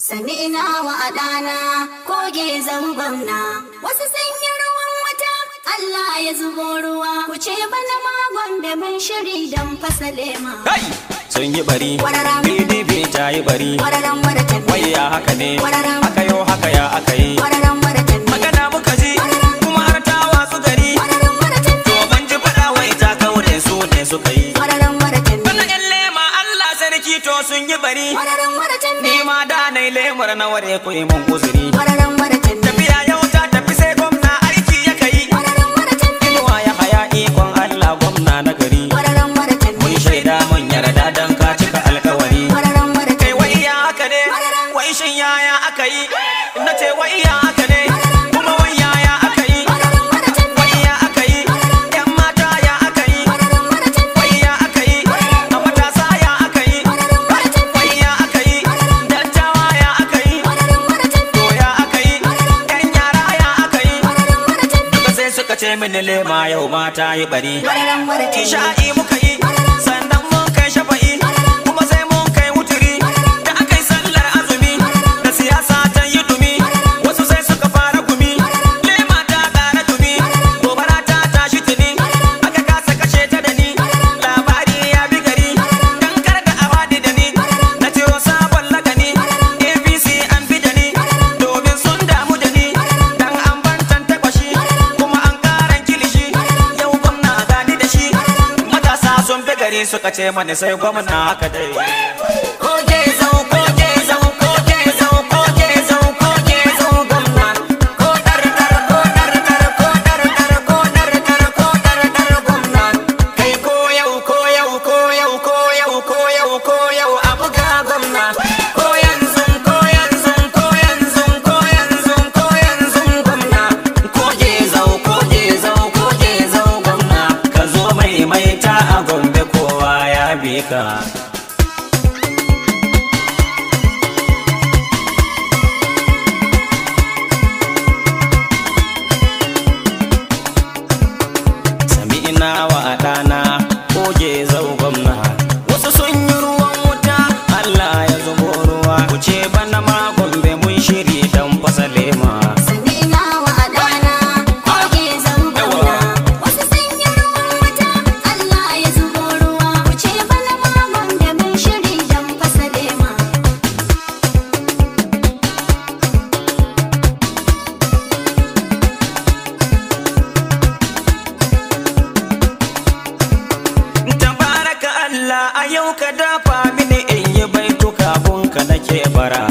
Sami'na wa adana koge zangon na wasu sun ruwan wata Allah ya zubo ruwa ku ce bana magon da mun shiri dan fasale ma. Kai! Sun yi bari, PDP ta yi bari, wai ya haka ne, haka yau haka ya aka yi. Magana muka ji, kuma har ta wasu gari, to ban ji faɗa wai ta kaure su ne suka yi. sun yi bari ni ma da na lemur na ware ku yi mun guzuri tafiya yau ta tafi sai gwamna aiki ya kai inuwa ya haya ikon Allah gwamna na gari mun shaida mun yarda don ka cika alkawari kai wai ya haka ne wai shin yaya aka yi na ce wai ya ce mini lema yau mata yi bari. Kisha'i muka yi suka ce mani sai gwamna haka dai ka sami ina wa ɗana koge a yau ka dafa mini in yi baituka ka nake bara